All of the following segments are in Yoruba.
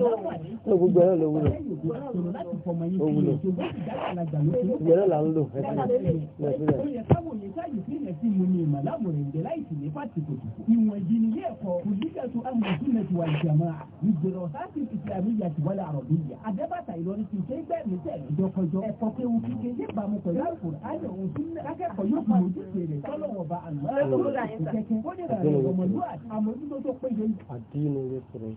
ló gbogbo ẹ̀rọ ló wúlò ó wúlò gbogbo ẹ̀rọ là ń lò Àdínú yóò fẹ̀rẹ̀.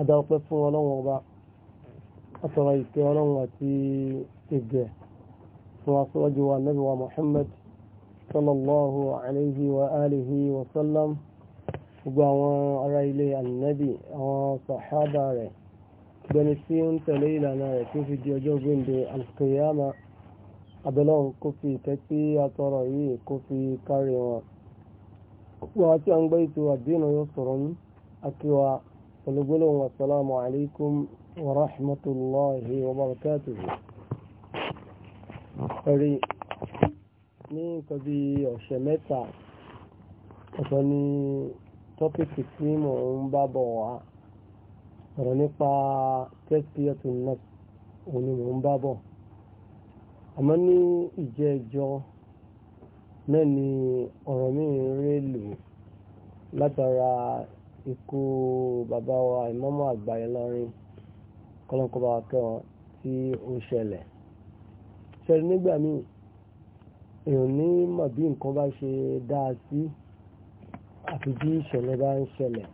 adáwọ̀pẹ́ fún ọlọ́run ọba àtọ̀rọ̀ ìpẹ́ ọlọ́run àti ìgẹ̀ fún aṣọ́wájú wa nabi wa Muhammad sallallahu alayhi wa alihi wa sallam gbogbo àwọn ará ilé annabi àwọn sàhábà rẹ̀ gbẹni tí ó ń tẹ̀lé ìlànà rẹ̀ tí ó fi di ọjọ́ gbẹ̀ndẹ̀ alkiyama abẹ́lọ́run kó fi ìtẹ́ tí a yìí kó fi kárí wọn. gbogbo àwọn gbé ètò àdínà yóò sọ̀rọ̀ ní akíwa olùgbòlò wasalaamu alaykum wa rahmatulahi wa barakatuhu rí ní nǹkan bí ọ̀sẹ̀ mẹ́ta ọ̀sán ní tọ́pìkì tí mò ń bá bọ̀ wá ọ̀rọ̀ nípa tẹ́síọ̀tù náà òun ni mò ń bá bọ̀ àmọ́ ní ìjẹ́ ìjọ náà ni ọ̀rọ̀ mi ń rí lò látara ikú bàbá wa ìmọ́mọ́ àgbà Ìlọrin kọ́lọ́nkọ́ba kẹ́ wọn tí ó ṣẹlẹ̀ ṣẹlẹ̀ nígbà míì èèyàn ní mọ̀ bí nǹkan bá ṣe dáa sí àti bí ìṣẹ̀lẹ̀ bá ń ṣẹlẹ̀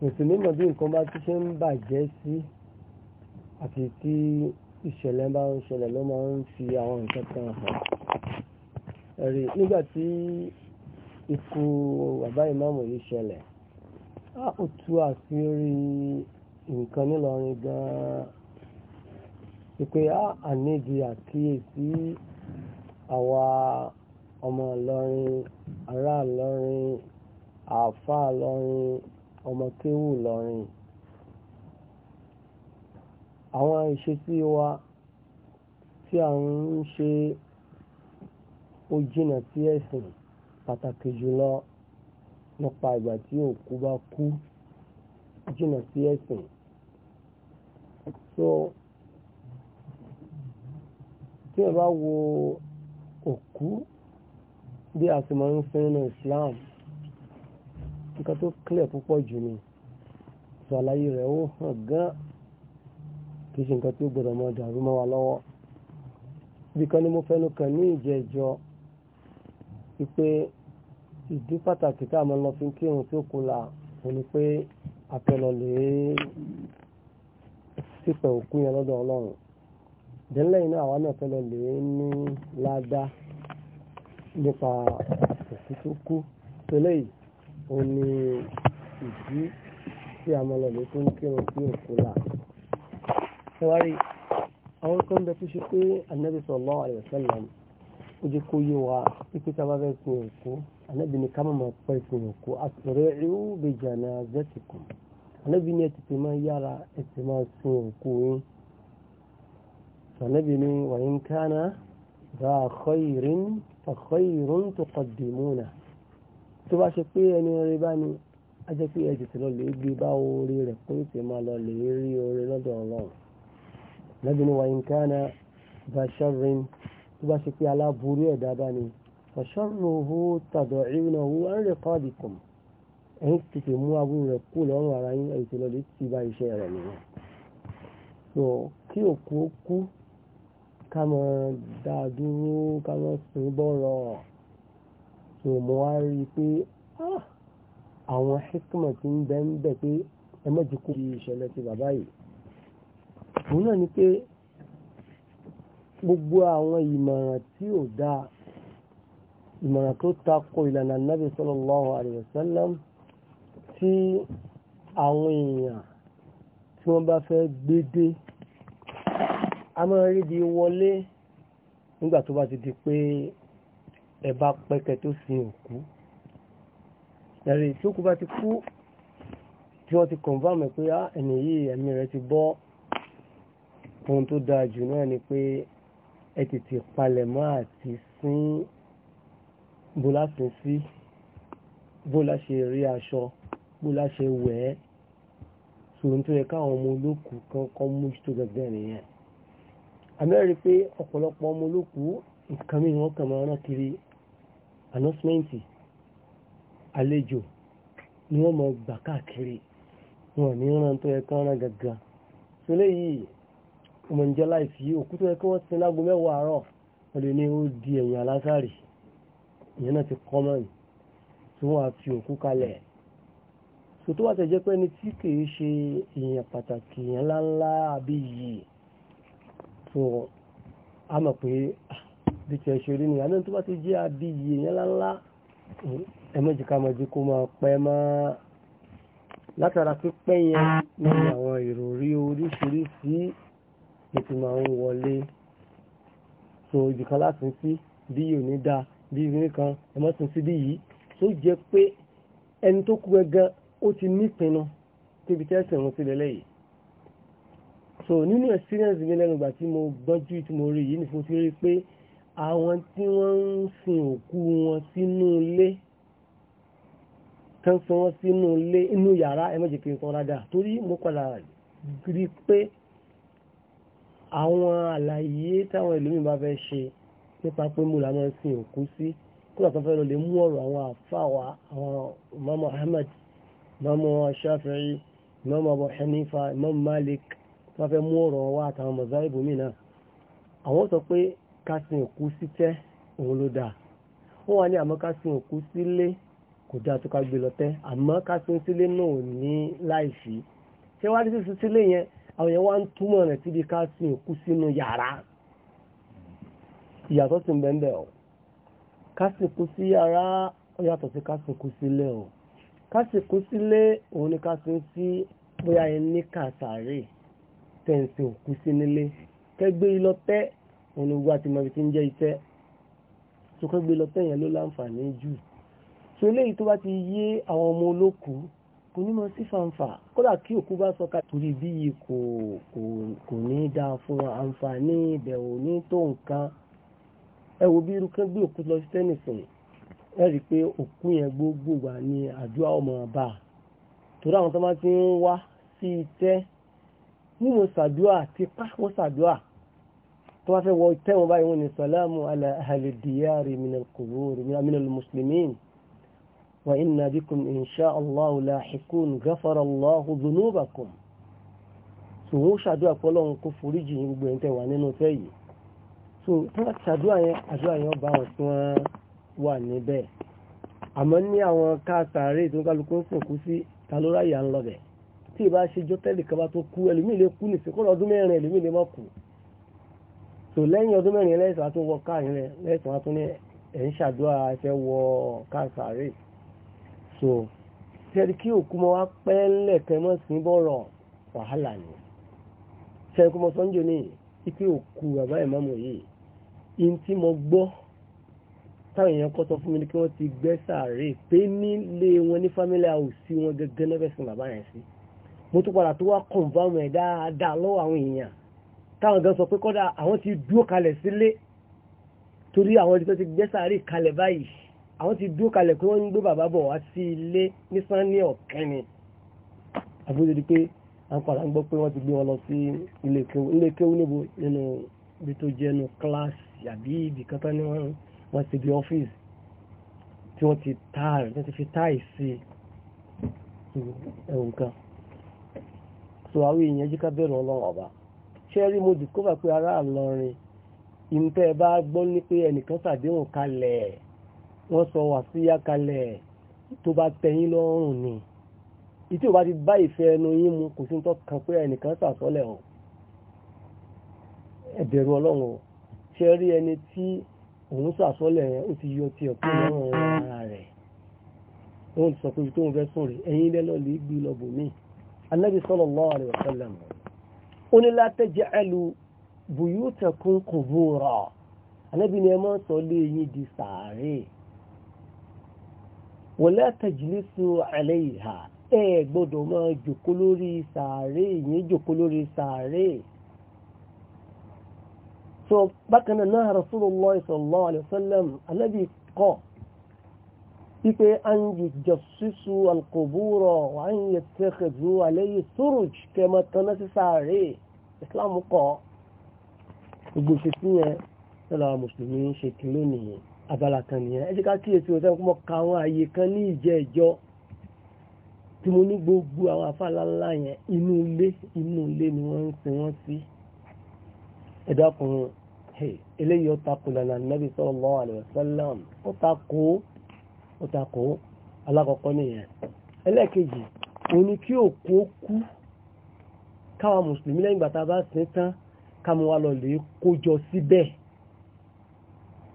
mùsùlùmí mọ̀ bí nǹkan bá ti ṣe ń bàjẹ́ sí àti tí ìṣẹ̀lẹ̀ bá ń ṣẹlẹ̀ ló máa ń fi àwọn nǹkan kan hàn ẹ̀rí nígbà tí ikú bàbá ìmáàmù yìí ṣẹlẹ̀ ó tú àṣírí nǹkan nílọrin gan-an wípé a àníjì àkíyèsí àwa ọmọ ìlọrin ará ìlọrin àáfà ìlọrin ọmọ kéwù ìlọrin àwọn ìṣesí wa tí à ń ṣe ó jìnà sí ẹ̀sìn pàtàkì jùlọ nípa ìgbà tí òkú bá kú jìnà sí ẹ̀sìn so tí ẹ bá wo òkú bí a ti máa ń fún nínú Islam nǹkan tó clear púpọ̀ jù ni ṣàlàyé rẹ̀ ó hàn gan kì í ṣe nǹkan tí ó gbọdọ̀ máa dàrú mọ́ wa lọ́wọ́ bí kan ni mo fẹ́nu kàn ní ìjẹ́jọ́ wípé ìdí pàtàkì tá a máa lọ fi ń kírun tó kù la òun ni pé àpẹlọ lè sípẹ̀ òkú yẹn lọ́dọ̀ ọlọ́run dẹ́lẹ́ iná àwa náà fẹ́lọ ní ládá nípa òkú tó kú tẹ́lẹ̀ yìí òun ni ìdí tí a máa lọ lè tó ń kírun sí òkú la ẹ wá rí àwọn tó ń bẹ tó ṣe pé Ànábì sallallahu alaihi wasallam ó jẹ́ kó yé wa pípẹ́ tá a bá fẹ́ sin òkú anábì ní ká máa pẹ́ ìsìn òkú asri'u bi janazatikum anábì ní ẹ̀tìtì máa yára ẹ̀tì máa sin òkú yín anábì ní wa in kana dha khayrin fa khayrun tuqaddimuna tó bá ṣe pé ẹni rẹ bá ní a jẹ́ pé ẹ̀tìtì lọ lè gbé bá orí rẹ̀ pé ètì máa lọ lè rí orí lọ́dọ̀ ọlọ́run anábì wa in kana dha sharrin tó bá ṣe pé aláburú ẹ̀dá bá ní ọ̀ṣọ́rùhù tàdọ̀ ìrìnà owó ẹ̀rẹ́kọ́dìkùn ẹ̀yìn ti fi mú aburú rẹ̀ kú lọ́rùn ara yín ẹ̀yìn tí lọ lè ti bá iṣẹ́ rẹ̀ nìyẹn so kí òkú ó kú ká mọ dáa dúró ká mọ sùn bọ́rọ̀ so mo wá rí i pé ah, àwọn hikmọ̀ ti ń bẹ́ ń bẹ̀ pé ẹ mọ́ ti kú di ìṣẹ̀lẹ̀ ti bàbá yìí òun náà ni pé gbogbo àwọn ìmọ̀ràn tí ò dáa ìmọ̀ràn tó tako ìlànà nábì sallallahu alaihi wasallam tí àwọn èèyàn tí wọ́n bá fẹ́ gbédé a máa rí di wọlé nígbà tó bá ti di pé ẹ bá pẹ́kẹ́ tó sin òkú ẹ̀rì tí òkú bá ti kú tí wọ́n ti confam pé ah, ẹni yìí ẹ̀mí rẹ̀ ti bọ́ ohun tó dáa jù náà ni pé ẹ tètè palẹ̀mọ́ àti sin bó láti sí bó láṣe rí aṣọ bó láṣe wẹ̀ ẹ́ sòrò tó yẹ káwọn ọmọ olóòkú kan kọ́ mójútó gẹ́gẹ́ nìyẹn amẹ́rin pé ọ̀pọ̀lọpọ̀ ọmọ olóòkú nǹkan mìíràn wọ́n kàn máa rán kiri announcement àlejò ni wọ́n máa gbà káàkiri wọn ní ràn tó yẹ kán gàgà tó léyìí ọmọ ìjọ láìsí òkú tó yẹ kí sin lágo mẹ́wàá àárọ̀ wọ́n lè ní ó di ẹ̀yìn alásàrì ìyẹn náà ti common tí wọ́n á fi òkú kalẹ̀ so tó wà tẹ̀ pé ẹni tí kìí ṣe èèyàn pàtàkì èèyàn ńláńlá àbí yìí so a mọ̀ pé ah, bí tiẹ̀ ṣe rí nìyà náà tó bá ti jẹ́ àbí yìí èèyàn ńláńlá ẹmọ́jìkámọ́jì kó máa pẹ́ máa látara pípẹ́ yẹn nínú àwọn ìròrí oríṣiríṣi ètò wọlé so ìjìkan láti sí bí yóò ní dáa bí ìrìn kan ẹmọ́sìn síbí yìí tó jẹ́ pé ẹni tó kú gangan ó ti nípinnu tóbi tẹ́sẹ̀ wọn sí lẹ́lẹ́ so nínú experience mi lẹ́nu ìgbà tí mo gbọ́njú tí mo rí yìí ni mo ti rí pé àwọn tí wọ́n ń sin òkú wọn sínú ilé kan fi wọn sínú ilé inú yàrá ẹmọ́jì kiri kan rádà torí mo padà rí pé àwọn àlàyé táwọn ìlú mi bá fẹ́ ṣe nípa pé mú la máa ń sin òkú sí kúrò kan fẹ́ lọ lè mú ọ̀rọ̀ àwọn àfáwà àwọn Imam Ahmad Imam Shafi'i Imam Abu Hanifa Imam Malik tó fẹ́ mú ọ̀rọ̀ wá àtàwọn mọ̀záìbù mí náà àwọn sọ pé ká sin òkú sí tẹ́ òun ló dáa wọ́n wá ní àmọ́ ká sin òkú sílé kò dáa tó ká gbé lọ tẹ́ àmọ́ ká sin sílé náà ní láìsí ṣé wá ní sísun sílé yẹn àwọn yẹn wá ń túmọ̀ rẹ̀ síbi ká sin òkú sínú yàrá ìyàtọ̀ sí bẹ́ẹ̀ ọ̀ kásìkú sí ara ó yàtọ̀ sí kásìkú sílé ọ̀ kásìkú sílé òun ni kásìkú sí bóyá ẹni kàtàrí tẹ̀sí òkú sí nílé kẹgbẹ́ ilọ́tẹ́ òun ni wá ti mọbi tí ń jẹ́ iṣẹ́ tó kẹgbẹ́ ilọ́tẹ́ yẹn ló láǹfààní jù tó léyìí tó bá ti yé àwọn ọmọ olókù kò ní mọ sí fanfà kódà kí òkú bá sọ ká torí bí kò kò ní dáa fún àǹfààní ìbẹ̀wò ní tó nǹkan ẹ wo bí irú kan gbé òkú lọ sí tẹ́nìsìn ẹ rí i pé òkú yẹn gbogbo wà ní àdúrà ọmọ ọba torí àwọn tó máa ti ń wá sí itẹ́ ní mo ṣàdúrà ti pa mo ṣàdúrà tó bá fẹ́ wọ itẹ́ wọn báyìí wọn ni sàlámù ala ahli diyari minal quburi minal muslimin wa inna bikum insha allahu lahikun ghafara allahu dhunubakum. sòwò ṣàdúrà pé ọlọ́run kó foríjì gbogbo ẹ̀ ń tẹ̀ wá nínú fẹ́ yìí so tó bá ti ṣàdúrà yẹn àdúrà yẹn bá wọn tí wọ́n wà níbẹ̀ àmọ́ ní àwọn káàtàrí tó kálukú ń sìnkú sí ta ló ráyà ń lọbẹ̀ tí ì ṣe jọ́tẹ́lì kan bá tó kú ẹlòmíì lè kú nìsín kó lọ́dún mẹ́rin ẹlòmíì lè má kú so lẹ́yìn ọdún mẹ́rin lẹ́sìn wá tún wọ káàyìn rẹ lẹ́sìn wá tún ní ẹ̀ ń ṣàdúrà ẹ̀fẹ́ wọ káàtàrí so tẹ́rí kí òkú mọ́ wá pẹ́ lẹ́ẹ̀kẹ́ mọ́ sí bọ́rọ̀ wàhálà ni tẹ́rí kú mọ́ sọ́njọ́ ní ipe òkú bàbá ìmáàmù yìí in tí mo gbọ́ táwọn èèyàn kọ́ sọ fún mi ni kí wọ́n ti gbẹ́ sàárè pé nílé wọn ní family house wọn gẹ́gẹ́ lọ́fẹ̀ẹ́ sin bàbá yẹn sí mo tún padà tó wá confirm ẹ̀ dáadáa lọ́wọ́ àwọn èèyàn táwọn gan sọ pé kọ́dà àwọn ti dúró kalẹ̀ sílé torí àwọn ibi tó ti gbẹ́ sàárè kalẹ̀ báyìí àwọn ti dúró kalẹ̀ pé wọ́n ń gbé bàbá bọ̀ wá sí ilé ní sanni ọ̀kẹ́ ni àbúrò di pé à ń padà gbọ́ pé wọ́n ti gbé wọn lọ sí ilé kéwú níbo nínú ibi tó jẹ́ nu kíláàsì yàbí ibìkan tán ni wọ́n ti di ọ́fíìsì tí wọ́n ti táà rẹ̀ tí wọ́n ti fi táà sí ẹ̀wọ̀n kan so àwọn èèyàn jíká bẹ̀rù ọlọ́run ọba ṣé rí mo dìkọ́fà pé ará àlọrin ìmúfẹ́ bá gbọ́ ní pé ẹnìkan ṣàdéhùn kalẹ̀ wọ́n sọ wà síyá kalẹ̀ tó bá tẹ̀yìn lọ́rùn ni ìtí ò bá ti bá ìfẹ́ ẹnu yín mu kò sí tó kan pé ẹnìkan ṣàsọ́lẹ̀ o ẹ ọlọ́run o ṣe rí ẹni tí òun sàsọ́lẹ̀ yẹn ó ti yọ ti ọ̀pọ̀ lọ́rùn ara rẹ̀ òun sọ pé tóun fẹ́ sùn rẹ̀ ẹ̀yin lẹ́lọ́ lè gbé lọ́bù mí anábì sallallahu alaihi wasallam ó ní la taj'alu buyutakum qubura anábì gbọ́dọ̀ máa jòkó lórí sàárè yín jòkó lórí sàárè so bákan náà náà rasulullah sallallahu alaihi wasallam anábì kọ́ wípé an yujassasu alqubura wa an yattakhidhu alayhi suruj kẹmọ tọ́nà sí sáré islam kọ́ gbogbo ṣe sí yẹn lọ́la mùsùlùmí ń ṣe kìló nìyẹn abala kan nìyẹn ẹ jẹ́ ká kíyèsí ọ̀sẹ̀ kó mọ ka àwọn àyè kan ní ìjẹ́ ìjọ tí mo ní gbogbo àwọn afáàlá ńlá yẹn inú ilé inú ilé ni wọ́n ń sin wọ́n sí ẹ̀dá ọkùnrin eléyìí ó takò lànà nàbì sallallahu alaihi wasallam ó takò ó takò alákọ̀ọ́kọ́ nìyẹn ẹlẹ́ẹ̀kejì òun ni kí òkú ó kú káwa mùsùlùmí lẹ́yìn gbàtà bá sin tán kámuwa lọ lè kójọ síbẹ̀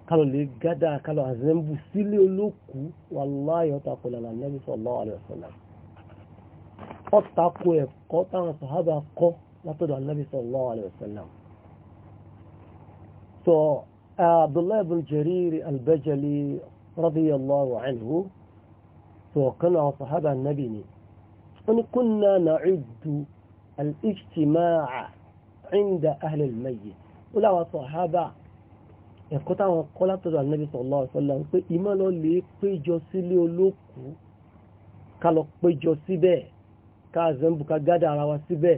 kálọ̀ lè gádà kálọ̀ àzẹ́mbù sílé olóòkú wallahi ó takò lànà nàbì sallallahu alaihi wasallam látọ̀dọ̀ ànábì sallallahu alaihi wasallam So uh, Abdullah ibn Jarir al-Bajali radiyallahu anhu so kan àwọn sahaba annabi ni oni kunna na'uddu al-ijtima'a 'inda ahli al-mayyit ola wa sahaba e ko ta won ko láti do annabi sallallahu alaihi wasallam pé ima lo lè péjọ sílé olókú ká lọ péjọ síbẹ̀ ká zembu gada ara wa síbẹ̀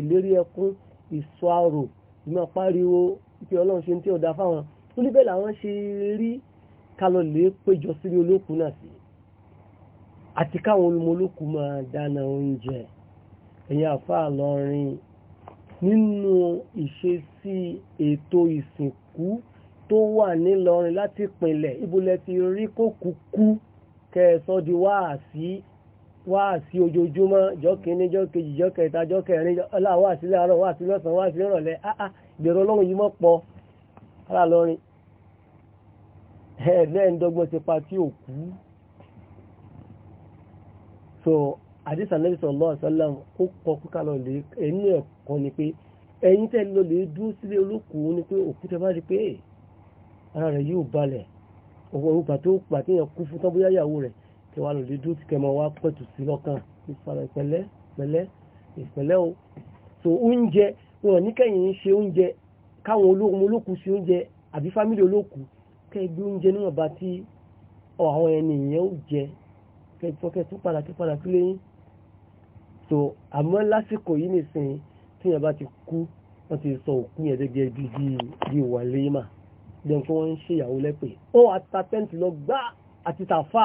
ìlérí ẹkún ìsọ àrò ìmọ̀ pariwo ìpè ọlọ́run ṣe ń tí ọ̀dà fáwọn tó níbẹ̀ làwọn ṣe rí kálọ̀ lè péjọ sílé olókùn náà sí àti káwọn olùmọ̀ olókùn máa dáná oúnjẹ ẹ̀yìn àfáà lọ́rin nínú ìṣesí ètò ìsìnkú tó wà nílọrin láti pinlẹ̀ ibùlẹ̀ ti rí kó kúkú kẹsọ́ di wáàsí wáàsí ojoojúmọ́ jọ́ kìíní jọ́ kejì jọ́ kẹta jọ́ kẹrin ọlá wáàsí láàárọ̀ wáàsí lọ́sàn-án wáàsí lọ́rọ̀lẹ́ áá ah, ah, ìbẹ̀rù ọlọ́run yìí mọ́ pọ̀ ara lọ́rin ẹ̀ẹ́dẹ́ ń dọ́gbọ́n ti pa tí ò kú so àdìsàn Nabi sallallahu alaihi wasallam ó kọ kúkà lọ lè ẹnu ẹ̀kọ́ ni pé ẹ̀yin tẹ́ lọ lè dúró sílé olókùú ni pé òkú tẹ bá rí eh, kí wàá lòdì dúró tí kẹmọ wá pẹ̀tù sí lọ́kàn ìfàlẹ̀ ìpẹ̀lẹ́ ìpẹ̀lẹ́ ìpẹ̀lẹ́ o so oúnjẹ wọn ní kẹ́yìn ń ṣe oúnjẹ káwọn ológun olókù ṣe oúnjẹ àbí fámìlì olókù kẹgbẹ́ oúnjẹ níwọ̀n bá tí àwọn ẹni ìyẹn ó jẹ kẹtọ́kẹ́ tó padà tó padà tó léyìn so àmọ́ lásìkò yìí nìsín tí yẹn bá ti kú wọ́n ti sọ òkú yẹn gẹ́gẹ́ bí bí wà léyìn mà dẹ́n kí wọ́n ń ṣèyàwó lẹ́pẹ́ ó àtàtẹ́ǹtì lọ gbá àti tàfà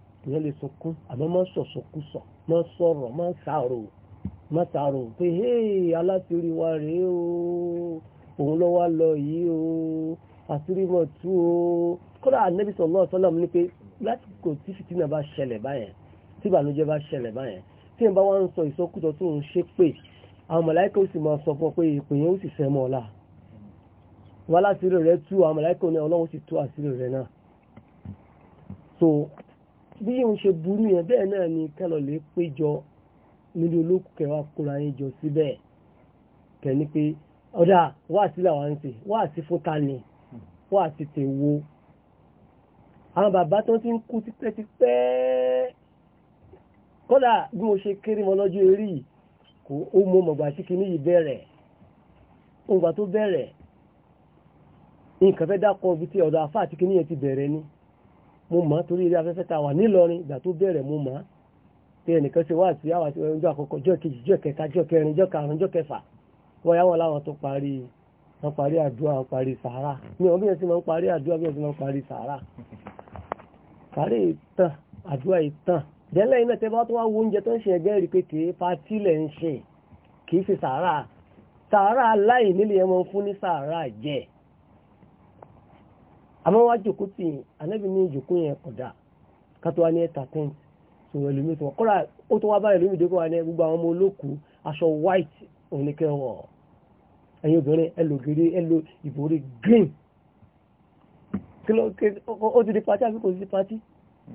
ìyẹn lè sunkún àmọ́ má sọ̀sọ̀kúsọ̀ má sọ̀rọ̀ má sàrò má sàrò pé hey aláṣírí wa rèé o òun ló wá lọ yìí o àṣírí mọ̀ tú o kódà ànábì sallallahu alaihi wasallam ní pé lásìkò tí fìtínà bá ṣẹlẹ̀ báyẹn tí ìbànújẹ́ bá ṣẹlẹ̀ báyẹn tí ìbá wa ń sọ ìsọkúsọ tó ń ṣe pé àwọn màláíkà ó sì máa sọ fún ọ pé ìpè yẹn ó sì fẹ́ mọ́ ọ la wọn aláṣírí rẹ tú àwọn màláíkà ní ọlọ́run sì tú àṣírí rẹ náà bí yóò ṣe burú yẹn bẹ́ẹ̀ náà ni kẹlọ̀lẹ́ péjọ nílé olókù kẹwàá kóra yín jọ síbẹ̀ kẹ́ni pé ọ̀dà wá sí làwọn ń sè wá sí fún ta ni wá sí tè wo àwọn bàbá tó ti ń kú tipẹ́tipẹ́ kódà bí mo ṣe kéré mọ́ lọ́jọ́ eré kò ó mọ mọ̀gbà tí kinní yìí bẹ̀rẹ̀ òǹgbà tó bẹ̀rẹ̀ nǹkan fẹ́ dákọ̀ bí ti ọ̀dọ̀ àfáà tí kinní yẹn ti bẹ̀rẹ̀ ni mo mọ̀ torí ilé afẹ́fẹ́ ta wà nílọrin ìgbà tó bẹ̀rẹ̀ mo mọ̀ pé ẹnìkan ṣe wá sí àwọn àti ọjọ́ àkọ́kọ́ jọ́ kejì jọ́ kẹta jọ́ kẹrin jọ́ karùn-ún jọ́ kẹfà wọ́n yá wọn láwọn tó parí wọn parí àdúrà wọn parí sàárà ní ọ̀bí yẹn sì máa ń parí àdúrà bí yẹn sì máa ń parí sàárà sàárà ìtàn àdúrà ìtàn dẹ́lẹ̀ iná tẹ́ bá tó wá wo oúnjẹ tó ń ṣe ẹgbẹ́ rí pé kìí patí lẹ̀ ń ṣe kìí ṣe sàárà sàárà aláìní lè yẹn àmọ́ wá jòkó tì yín ànábì ní ìjòkó yẹn kódà kátó wá ní ẹ̀ta tent tó ẹlòmíì tó wọ́n kọ́ra ó tó wá bá ẹlòmíì dé kó wá ní gbogbo àwọn ọmọ olókùú aṣọ white òun ni kẹwọ́ ẹ̀yin obìnrin ẹlògèrè ẹlò ìbòrí green ó ti di pati àbí kò ti di pati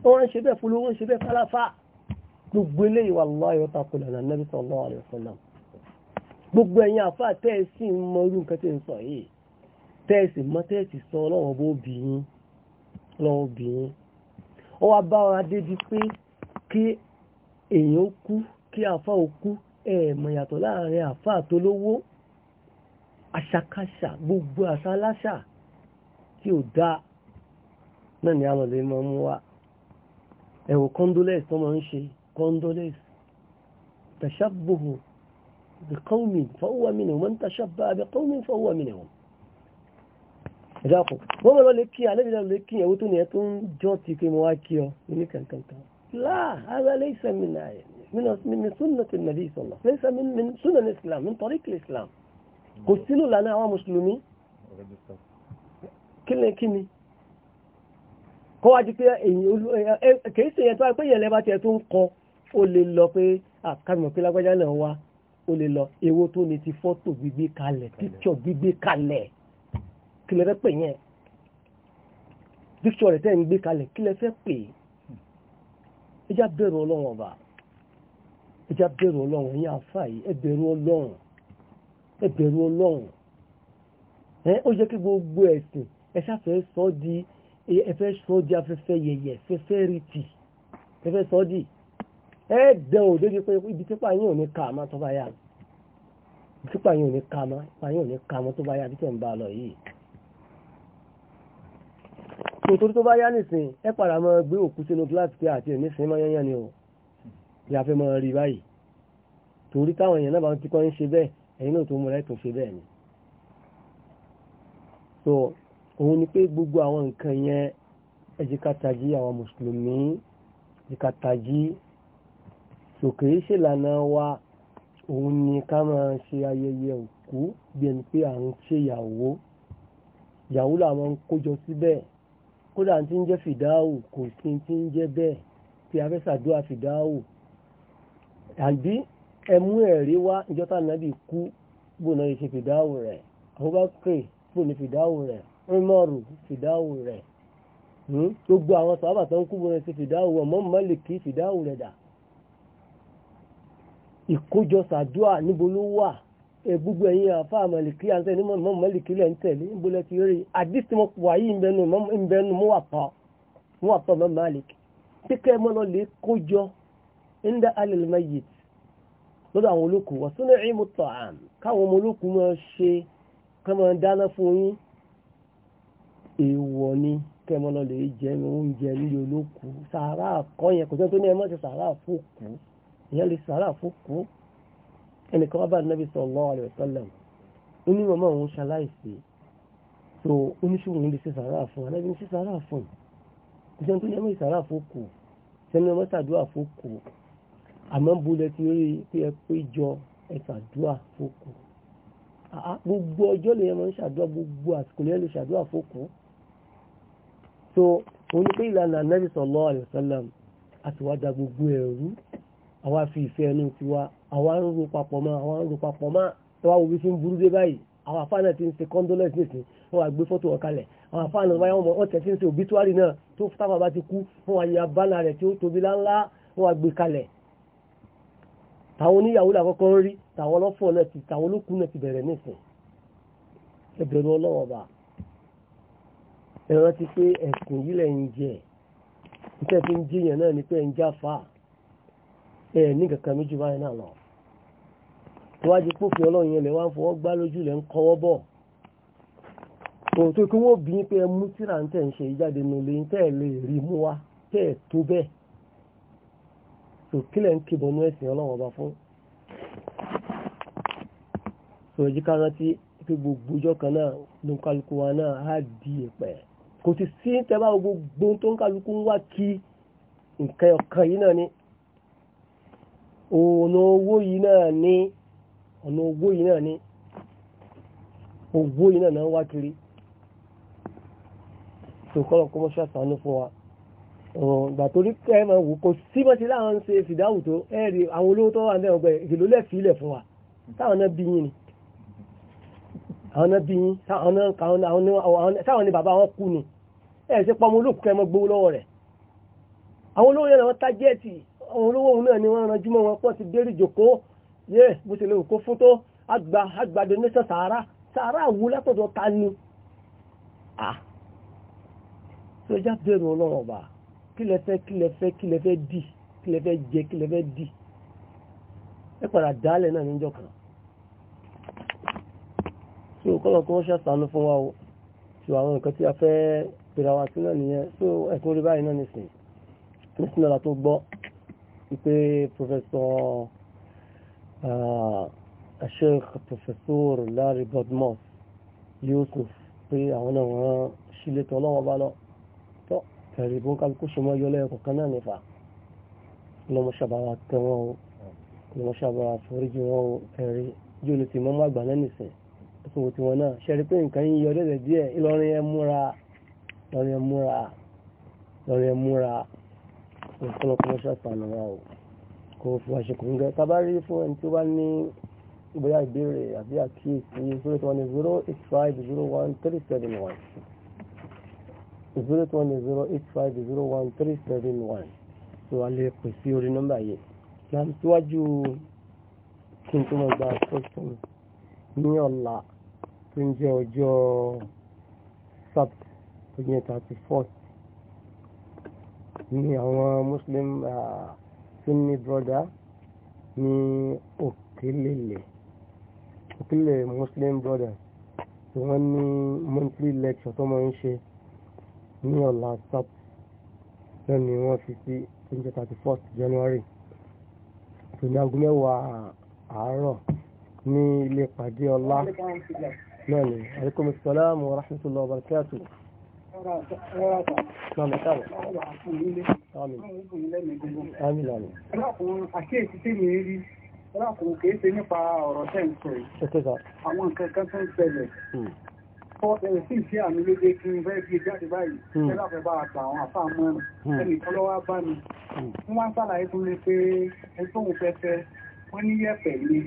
wọ́n ń ṣe bẹ́ẹ̀ fúlú wọ́n ń ṣe bẹ́ẹ̀ fáláfá gbogbo eléyìí wallahi wa takò lànà ànábì sallallahu alaihi wasallam gbogbo ẹ̀yin àfáà tẹ́ ẹ sì ń mọ irú nǹkan tẹ́ ń sọ yìí tẹ́ẹ̀sì mọ́ tẹ́ẹ̀sì sọ ọlọ́wọ́ bó bì yín lọ́wọ́ bì yín ó wá bá wa débi pé kí èèyàn kú kí àfá ó ẹ̀ẹ̀mọ̀ yàtọ̀ láàrin àfá àtolówó àṣàkáṣà gbogbo àṣàláṣà tí ò dá náà ni àwọn ọ̀lẹ́ máa mú wa ẹ̀wọ̀ condolence tó máa ń ṣe condolence tashabbuhu bi qawmin fa huwa minhum man tashabbaha bi qawmin fa huwa ìdákùn wọ́n mọ̀ lọ́lẹ́ kí alẹ́bìnrin lọ́lẹ́ kí ẹ̀wọ́ tó ní ẹ̀ tó ń jọ́ ti pé mo wá kí ọ ní kankankan láà ara lẹ́sẹ̀ mi náà mi súnà ti nàbí ìsọ̀lọ̀ lẹ́sẹ̀ mi súnà ní islam mi tọ́rí kìlì islam kò sílò lánàá àwọn mùsùlùmí kílẹ̀ kí ni kọ́ wájú pé kìí ṣe tó wá pé yẹn lẹ́bàá tiẹ̀ tó ń kọ ó lè lọ pé àkàrùn pé lágbájá náà wá ó lè lọ èwo tó ní ti fọ́tò gbígbé kalẹ̀ píkṣọ̀ gbígbé kalẹ̀ kí lẹ fẹ́ pè yẹn píṣọ rẹ̀ tẹ́ ń gbé kalẹ̀ kí lẹ fẹ́ pè é já bẹ̀rù ọlọ́run ọba ẹ já bẹ̀rù ọlọ́run ẹ̀yin àfà yìí ẹ bẹ̀rù ọlọ́run ẹ bẹ̀rù ọlọ́run ẹ ó yẹ kí gbogbo ẹ̀sìn ẹ ṣàfẹ́ sọ di ẹ fẹ́ sọ di afẹ́fẹ́ yẹyẹ fẹ́fẹ́ rìtì ẹ fẹ́ sọ di ẹ dẹ̀ ò débi pé ibi típa yín ò ní kà á má tó bá yá ibi típa yín ò ní kà á má ipa yín ò ní kà á má tó bá yá ibi tí ń bá lọ yìí nítorí tó bá yá nìsín ẹ padà máa gbé òkú sínú gíláàsì pé àti ẹ̀mí sin máa yányán ni o ìyá fẹ́ máa rí báyìí torí táwọn èèyàn náà bá ti kọ́ ń ṣe bẹ́ẹ̀ ẹ̀yin náà tó mú rẹ̀ tún ṣe bẹ́ẹ̀ ni. so òun ni pé gbogbo àwọn nǹkan yẹn ẹ̀jìkàtàjì àwọn mùsùlùmí ẹ̀jìkàtàjì sòkè ìṣèlànà wa òun ni ká máa ṣe ayẹyẹ òkú bí ẹni pé à ń ṣèyàwó ìyàwó làwọn ń kójọ síbẹ̀ kódà tí ń jẹ́ fìdáwò kò sí tí ń jẹ́ bẹ́ẹ̀ tí a fẹ́ ṣàdúrà fìdáwò àbí ẹmú ẹ̀rí wá ìjọta nàbì kú bóna ìṣe fìdáwò rẹ̀ Abubakar bóna fìdáwò rẹ̀ Umaru fìdáwò rẹ̀ hmm? gbogbo àwọn sàábà tó ń kú bóna ìṣe fìdáwò rẹ̀ mọ́ Málìkì fìdáwò rẹ̀ dà ìkójọ ṣàdúrà níbo ló wà Eh, gbogbo ẹ̀yin àfa àmàlìkí àti ẹni mọ̀ mọ̀lìkí lẹ̀ ń tẹ̀lé ń bolẹ̀ ti rí àdìsí mo wà yìí ń bẹnu ń bẹnu mo wà tọ́ mo wà tọ́ mọ́ malik kíkẹ́ mọ́ lọ lè kójọ ń dá alẹ́ mayit lọ́dọ̀ àwọn olóko wọ́n tún lè mú tọ̀ àm káwọn ọmọ olóko máa ṣe ká dáná fún yín èèwọ̀ ni kẹ́ mọ́ lọ lè jẹ oúnjẹ nílé olóko sàárà kọ́ yẹn kò tó ní ẹ má ti sàárà fún òkú ìyẹn lè sàárà fún òkú ẹnìkan wá bá nàbí sallallahu alaihi wasallam ó ní màmá òun ṣaláìsí tó oníṣòwò ń lè ṣe sàárà fún anábì ń ṣe sàárà fún ìṣẹ́ tó yẹ́mọ̀ ìsàárà fókù sẹ́ni ọmọ ṣàdúrà fókù àmọ́ bulẹ̀ ti rí pé ẹ pé jọ ẹ ṣàdúrà fókù gbogbo ọjọ́ lè yẹmọ̀ ń ṣàdúrà gbogbo àsìkò lè lè ṣàdúrà fókù so òun ni pé ìlànà anábì sallallahu alaihi wasallam àti wàdà gbogbo ẹ̀rú àwa fi ìfẹ́ ẹnu tiwa àwa ń ro papọ̀ mọ́ àwa ń ro papọ̀ mọ́ tó wá wo bí ṣe ń burú dé báyìí àwọn afáànà ti ń ṣe condolence nìsín wọn wá gbé fọ́tò wọn kalẹ̀ àwọn afáànà wọn tẹ̀ sí ń ṣe obituary náà tó táwọn bá ti kú wọn wá ya bánà rẹ̀ tí ó tóbi láńlá wọn wá gbé kalẹ̀ tàwọn oníyàwó làkọ́kọ́ ń rí tàwọn ọlọ́fọ̀ náà ti tàwọn olókùn náà ti bẹ̀rẹ̀ nìsín ẹbẹ̀rù ọlọ́wọ́ bá ẹ méjì báyìí náà lọ wájú pófin ọlọ́run yẹn lè wá ń fọwọ́ gbá lójú lẹ́ ń kọ́wọ́ bọ̀ tòótọ́ kí wọ́n bí pé ẹ tíra ń tẹ̀ ń ṣe ìjáde nù lè ń lè rí mú wá tẹ̀ tó bẹ́ẹ̀ tò kílẹ̀ ń kébọ̀ ní ẹ̀sìn ọlọ́run ọba fún sọ̀rọ̀ jí kára pé gbogbo ọjọ́ kan náà ló ń kálukú wa náà á di ẹ̀pẹ̀ kò sì sí tẹ́ bá gbogbo tó ń kálukú wá kí nǹkan ọ̀kan yìí náà ni ọ̀nà owó yìí náà ní ọ̀nà owó yìí náà ní owó yìí náà náà wá kiri tó kọ́lọ̀ kọ́ mọ́ṣọ́ àtàánú fún wa ìgbà torí ẹ máa wò kò sí bá ti láwọn ń ṣe fìdáwù tó ẹ àwọn olówó ni àwọn náà bí yín táwọn ní bàbá wọn ni ẹ ṣe pọmọ olókùnkẹ́ mọ́ gbowó lọ́wọ́ rẹ̀ àwọn olówó yẹn òun lówó òun náà ni wọ́n ranjú mọ́ wọn pọ́ ti dérí jòkó yé bó ṣe lè kó fún tó àgbà àgbà donation sàárà sàárà wù látọ̀dọ̀ ta ni sọjá bẹ̀rù ọlọ́run ọba kí lẹ fẹ́ kí lẹ fẹ́ kí lẹ fẹ́ dì kí lẹ fẹ́ jẹ kí lẹ fẹ́ dì ẹ padà dálẹ̀ náà níjọ́ kan so kọ́lọ̀ kí wọ́n ṣàtànú fún wa o so àwọn nǹkan tí a fẹ́ pèrè àwọn àti náà nìyẹn so ẹ̀kún rí báyìí náà nìsín nísìnyí ọ̀la tó gbọ́ wípé pòfẹ́sọ̀ uh, Sheikh pòfẹ́sọ̀ Larry Bodmos Yusuf pé àwọn náà wọ́n sílé tọ́ lọ́wọ́ bá lọ tọ́ tẹ̀rí bó kálukú ṣe mọ́ yọlẹ́ ẹ̀kọ́ kan náà nípa lọ́mọṣàbára tẹ wọn o lọ́mọṣàbára foríjì wọn o ẹ̀rí yóò lè ti mọ́mọ́ àgbà náà nìsẹ̀ ìṣòwò tiwọn náà ṣẹ́rí pé nǹkan yín yọ dẹ́dẹ̀ díẹ̀ Ìlọrin ẹ múra Ìlọrin ẹ múra Ìlọrin ẹ múra ọ̀pọ̀lọpọ̀ ṣàtànà wa ò kò fún àṣekùn gẹ tabari fún ẹni tí ó bá ní ìgbéyà ìbéèrè àbí àkíyèsí zero two zero eight five zero one three seven one zero two one zero eight five zero one three seven one tó wà lè pè sí orí nọ́mbà yìí láti síwájú kí n tó mọ gba question ní ọ̀la tó ń jẹ́ ọjọ́ sábà tó yẹ thirty fourth Ni àwọn muslim sunni brother ní òkèlèlè òkèlè muslim brother tí wọ́n ní monthly lecture tó máa ń ṣe ní ọ̀la sap náà ni wọ́n fi sí twenty january tó ní aago mẹ́wàá àárọ̀ ní ilé ìpàdé ọlá náà ni alaikum salaam wa rahmatullahi wa barakatuh. Mọ̀mọ̀ sáàrọ̀. Àmín. Àmín. Ọlọ́kùnrin àkíyèsí tí mi rí ọlọ́kùnrin kìí ṣe nípa ọ̀rọ̀ tẹ́ ń sọ yìí. Àwọn nǹkan kan tó ń ṣẹlẹ̀. Fọ́ ẹ̀rẹ̀ sí ìṣe àmì ló dé kí n fẹ́ fi jáde báyìí. Ẹlá fẹ́ bá àgbà àwọn àfà mọ́rin. Ẹnìkan lọ́wọ́ bá mi. Wọ́n wá ń sàlàyé fún mi pé ẹgbẹ́ òun fẹ́ wọ́n ní yẹ̀pẹ̀ ni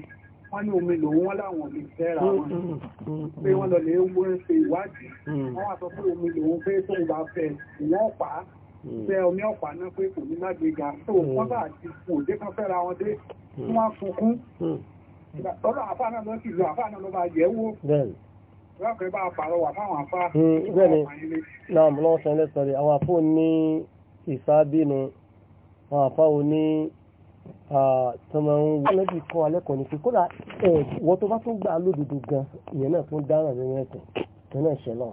wọ́n ní omi lòun wọ́n láwọn lè fẹ́ra wọn mm-hmm. pé wọ́n lọ lè wó ń ṣe ìwádìí mm-hmm. wọ́n wá sọ pé omi lòun pé tóun bá fẹ́ ìwọ́n ọ̀pá mm-hmm. fẹ́ omi ọ̀pá náà pé kò ní lágbèga tó wọ́n bá ti fún òde kan fẹ́ra wọn dé wọ́n á sunkún lọ́dọ̀ àfá náà lọ sí ìlú àfá náà ló yẹ̀ wò lọ́kẹ́ bá pàrọwà fáwọn àfá bẹ́ẹ̀ni náà lọ́wọ́ sọ ilé sọ̀rọ̀ àwọn àfó ní tọmọ ń wọ́n lẹ́bí kọ́ alẹ́kọ̀ọ́ ní pé kódà wọ́n tó bá tún gbà lódodo gan ìyẹn náà tún dáràn nínú ẹ̀sìn ìyẹn náà ṣẹlọ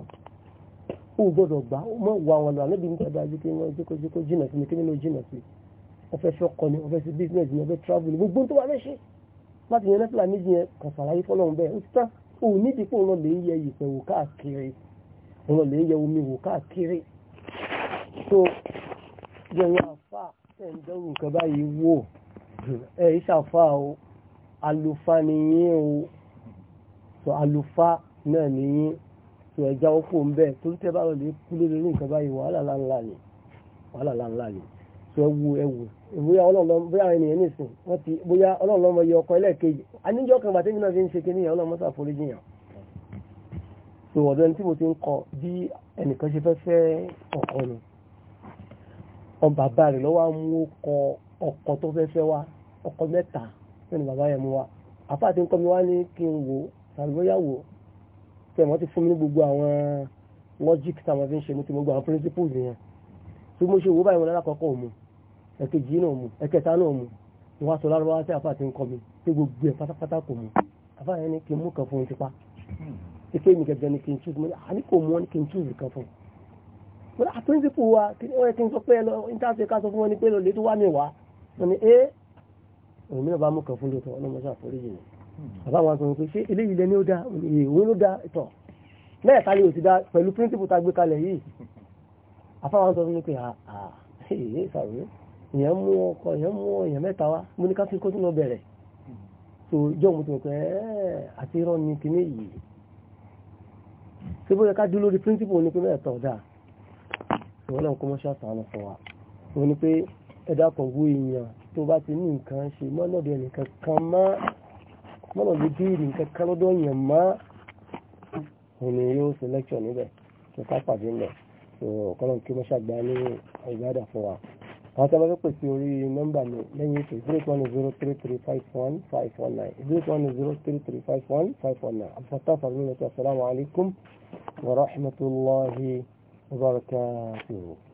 ó gbọ́dọ̀ gbà ó mọ̀ wà wọn lọ alẹ́bí ní ẹ̀dá ajé kí wọ́n jókòó jìnà sí mi kí nínú jìnà sí wọ́n fẹ́ fẹ́ kọ́ ni wọ́n fẹ́ sí business ni wọ́n travel ni gbogbo tó wà lẹ́ṣẹ́ láti yẹn lẹ́fìlà méjì yẹn kàn sàlàyé fọlọ́run bẹ́ẹ̀ ó ti tán ó nídìí pé òun lọ lè yẹ ìpẹ̀ wò káàkiri òun lọ lè yẹ omi wò káàkiri tó yẹn wọn àfà tẹ̀ ń dẹ́rù nǹkan ẹ ìṣàfà o alufa ni yín o sọ alufa náà ni yín sọ ẹja ọkọ ń bẹ torí tẹ bá lọ lè kú lórí ní nǹkan báyìí wàhálà ńláńlá ni wàhálà ńláńlá ni sọ ẹwu ẹwu bóyá ọlọ́ọ̀lọ́ bóyá ènìyàn nìsín wọ́n ti bóyá ọlọ́ọ̀lọ́ ọmọ yọ ọkọ ẹlẹ́ẹ̀kejì àníjọ́ kan bàtẹ́mi náà fi ń ṣe kí níyàn ọkọ tó fẹ́ fẹ́ wa ọkọ mẹ́ta ní bàbá yẹn mú wa àfáà tí ń kọ́ mi wá ní kí n wò sàlùbọ́yàwó tí wọ́n ti fún mi ní gbogbo àwọn logic táwọn fi ń ṣe mo ti mọ gbogbo àwọn principles yẹn tí mo ṣe wò báyìí wọn lálákọ̀ọ́kọ́ òmu ẹ̀kejì náà òmu ẹ̀kẹta náà òmu wọn á sọ lárúbáwá tí àfáà ti ń kọ́ mi pé gbogbo ẹ̀ pátápátá kò mu àfáà yẹn ní kí n mú kan fún un tipa ike mi gẹ́gẹ́ ni kí n choose mo ní àní kò mú wọn ní kí n choose kan fún un. mo ní à principle wa kí ni wọ́n yẹ kí n sọ pé ẹ lọ wọ́n ní ẹ́ eh, òun mìíràn bá mú kan fún lóòótọ́ ọlọ́mọṣẹ́ àforíjì ni bàbá wọn sọ pé ṣé eléyìí lẹni ó dá ìwé ló dá tọ̀ mẹ́ẹ̀ta ni òsì dá pẹ̀lú píríncípù tá a gbé kalẹ̀ yìí àfáwọn sọ fún mi pé àà èyí sàrò èèyàn mú ọkọ èèyàn mú èèyàn mẹ́ta wá mo ní ká fi kó tún lọ bẹ̀rẹ̀ tó jọ́ mo ti mọ̀ pé eh, àti irọ́ ni kíní yìí ṣé bóyá ká dúró lórí píríncípù ni pé mẹ́ẹ̀ta ọ̀dà ìwọ́n náà kó mọ́ṣáà fún wa mo ní pé ẹ̀dá kan wo èèyàn tó bá ti ní nǹkan ṣe mọ́lọ́dọ̀ ẹnìkan kan mọ́ mọ́lọ́dọ̀ béèrè nǹkan kan lọ́dọ̀ yẹn mọ́ òní yóò ṣe lẹ́kṣọ̀ níbẹ̀ tó ká pàdé ńlẹ̀ tó ọ̀kọ́lọ́n kí wọ́n ṣàgbá ní ìgbádà fún wa. àwọn tí a bá fẹ́ pèsè orí nọ́mbà mi lẹ́yìn ètò zero eight one zero three three five one five one nine zero eight one zero three three five one five one nine abdulfatah farmiyatu asalaamualeykum wa rahmatulahi wa barakatuhu.